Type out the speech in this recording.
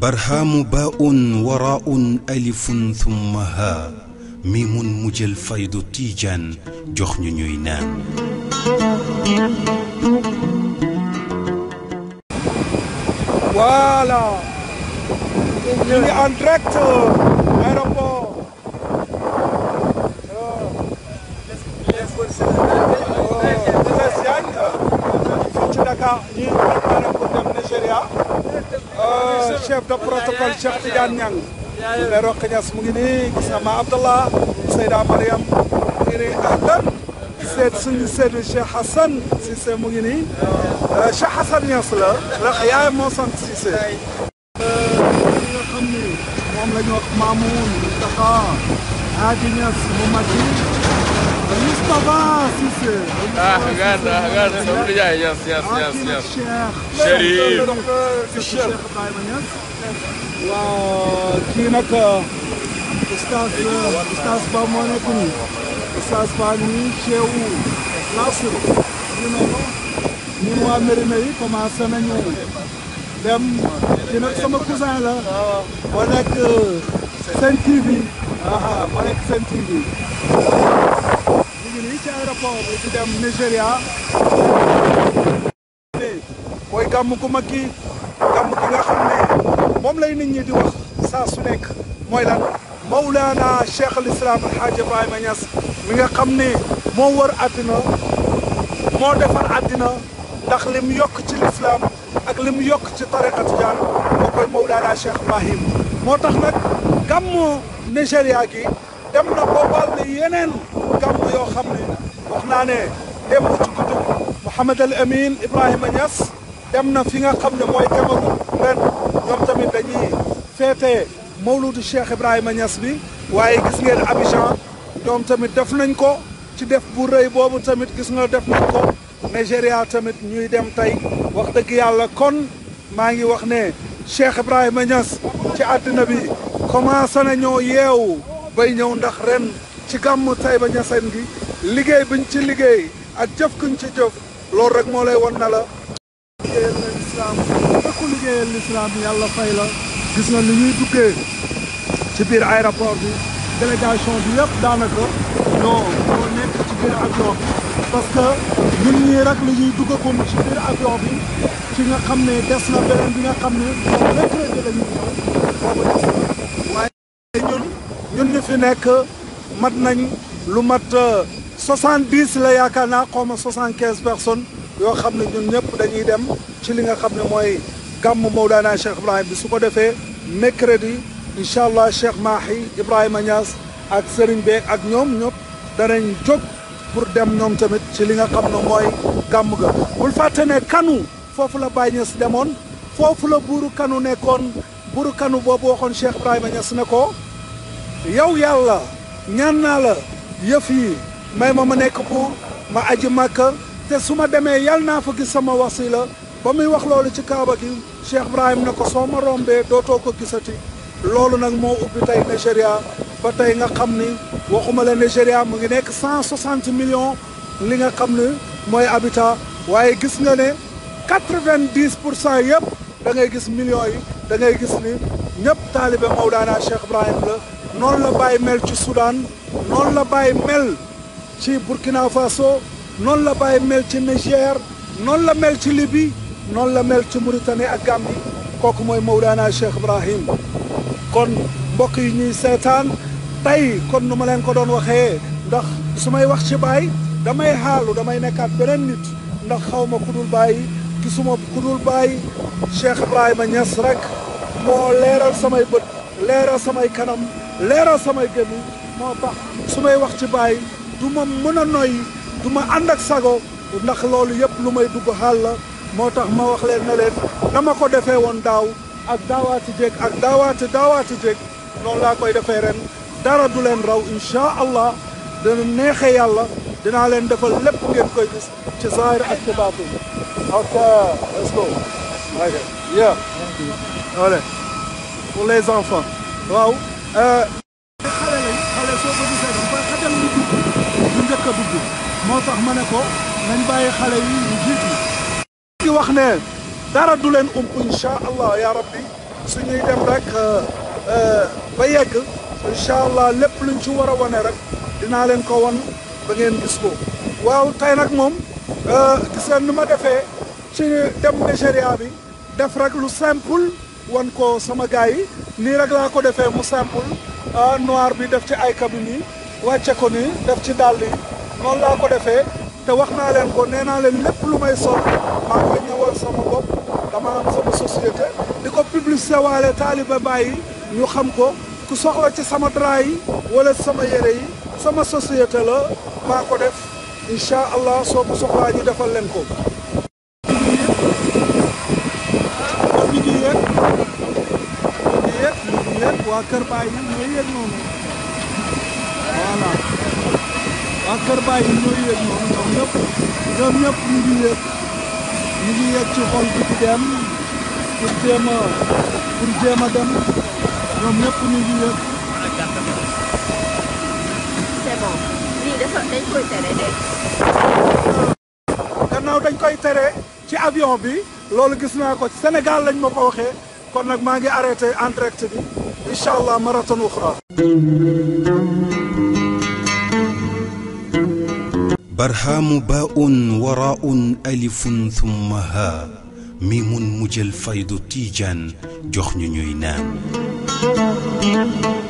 برهام باء وراء ألف ثم ها ميم مجل فيض تيجان جخن نينان Voilà. Il est en direct aéroport. Nigéria ñuy préparé pour dem Nigéria euh, chef de protocole Cheikh Tidiane Niang mais Roq Niass mu ngi nii gis nga ma Abdallah Seyda Mariam mu ngi nii Ahdan seet suñu seetu Hassan Cissé mu ngi nii euh, Hassan Niass la ndax yaay moo sant Muhammadin Mamun Mustafa Happiness Muhammadin Mustafa Sisse Ah, God, ah, God, somebody, yes, yes, yes, yes Sharif Sharif وكينك استاذ استاذ بامانكني استاذ بامي mim, cheio. you know não há mere mei commence nañu دم كاين سما كوزالا وهذاك سان تي في اه وهذاك سان تي في يجي ليش ايرابور قدام نيجيريا mooy gàmm gu mag gi gàmm gi nga xam ne moom lay nit ñi di wax saa su nekk mooy lan Mawlana Cheikh al Islam El Hadj Ibrahima Niass mi nga xam ne moo wër àddina moo defar àddina داخل ميوك الاسلام اك لي ميوك طريقه جان وكاي مولانا شيخ ابراهيم موتاخ نك كم نيجيريا كي دم نا بوبال ني يينن كم يو خامني واخنا ني دم كتب محمد الامين ابراهيم انياس دم نا فيغا خامني موي كامو بن نيوم تامي داني مولود الشيخ ابراهيم انياس بي واي غيس نين ابيجان دوم تامي داف نانكو تي داف بو ري بوبو Nigéria tamit ñuy dem tey wax dëgg yàlla kon maa ngi wax ne Cheikh Ibrahima Niass ci àddina bi commencé nañoo yeew bay ñëw ndax ren ci gàmmu Taïba Niassène gi liggéey biñ ci liggéey ak jëf kuñ ci jëf loolu rek moo lay won na la liggéeyal na lislaam ku lislaam yàlla fay la gis na li ñuy duggee ci biir aéroport bi délégation bi yëpp daanaka ñoo ñoo nekk biir avion bi parce que ñun ñii rek la ñuy duggagun ci biir avion bi ci nga xam ne des na beneen bi nga xam ne moom retraité la ñuy ñëw boobu des na waaye ñun ñun ñu fi nekk mat nañ lu mat soixante-dix la yaakaar naa xaw ma soixante-quinze personnes yoo xam ne ñun ñëpp dañuy dem ci li nga xam ne mooy gàmmu Mawlana Cheikh Ibrahim bi su ko defee mercredi incha allah Cheikh Mahi Ibrahima Niass ak Serigne Bey ak ñoom ñëpp danañ jóg pour dem ñoom tamit ci li nga xam ne mooy gàmm ga bul fàtte ne kanu foofu la Baye demoon foofu la buuru kanu nekkoon buuru kanu boobu waxoon Cheikh Ibrahima Niass ne ko yow yàlla ñaan naa la yëf yi may ma ma nekk buur ma aji màkka te su ma demee yàlla naa fa gis sama wasila ba muy wax loolu ci kaaba gi Cheikh Ibrahima ne ko soo ma rombee dootoo ko gisati loolu nag moo ubbi tey Nigeria ba tey nga xam ni waxuma la Nigéria mu ngi nekk cent soixante millions li nga xam ne mooy habitat waaye gis nga ne quatre-vingt-dix pour cent yëpp da ngay gis millions yi dangay gis ni ñëpp taalibe Mawlana Cheikh Ibrahim la noonu la bàyyi mel ci Soudan noonu la bàyyi mel ci Burkina Faso noonu la bàyyi mel ci Niger noonu la mel ci libi noonu la mel ci Mauritanie ak Gambie kooku mooy Mawlana Cheikh Ibrahim kon mbokk yi seetaan tey kon nu ma leen ko doon waxee ndax su may wax ci baay damay xaalu damay nekkaat beneen nit ndax xaw ma ku dul baay gisuma ku dul baay Cheikh Ibrahima Niass rek moo leeral samay bët leeral samay kanam leeral samay gémmi moo tax su may wax ci baay du ma mën a noyyi du ma ànd ak sago ndax loolu yëpp lu may dugg xaal la moo tax ma wax leen ne leen dama ko defee woon daaw ak daawaati jég ak daawaati daawaati jég noonu laa koy defee ren dara du leen raw incha allah dana neexe yàlla dinaa leen defal lépp ngeen koy gis ci zaahir ak ci baatin ok let's go okay yeah allez pour les enfants waaw xale lañ xale soo ko gisee dañ koy xajal lu dugg lu njëkk a dugg moo tax ma ne ko nañ bàyyi xale yi ñu jiitu di wax ne dara du leen um incha allah ya rabbi suñuy dem rek ba yegg incha allah lépp luñ ci war a wane rek dinaa leen ko wan ba ngeen gis waaw tey nag moom euh, gis ngeen nu ma defee ci dem Nigéria bi def rek lu simple wan ko sama gars yi nii rek laa ko defee mu simple euh, noir bi def ci ay kabin yi wàcce def ci dàll yi laa ko defee te wax naa leen ko nee naa leen lépp lu may sol maa ngi ñëwal sama bopp dama am sama société di ko publicité waale taaliba bàyyi ñu xam ko ku soxla ci sama drap yi wala sama yére yi sama société la maa ko def incha allah soo ko soxlaa ñu defal leen ko. mi ngi yéeg mi ngi yéeg mi ngi yéeg waa Kër Baay ñoom ñooy yéeg noonu voilà waa Kër Baay yi ñooy yéeg noonu ñoom ñëpp ñoom ñëpp ñu ngi yéeg ñu ngi yéeg ci xol bi di dem pour jéem a pour jéem a dem. gannaaw dañ koy tere ci avion bi loolu gis naa ko Sénégal lañ ma ko waxee kon nag maa ngi arrêté en direct bi incha allah marathon uxra. barhamu baun waraun alifun thumma ha mimun mujjal faydu jox ñu ñuy naan thank you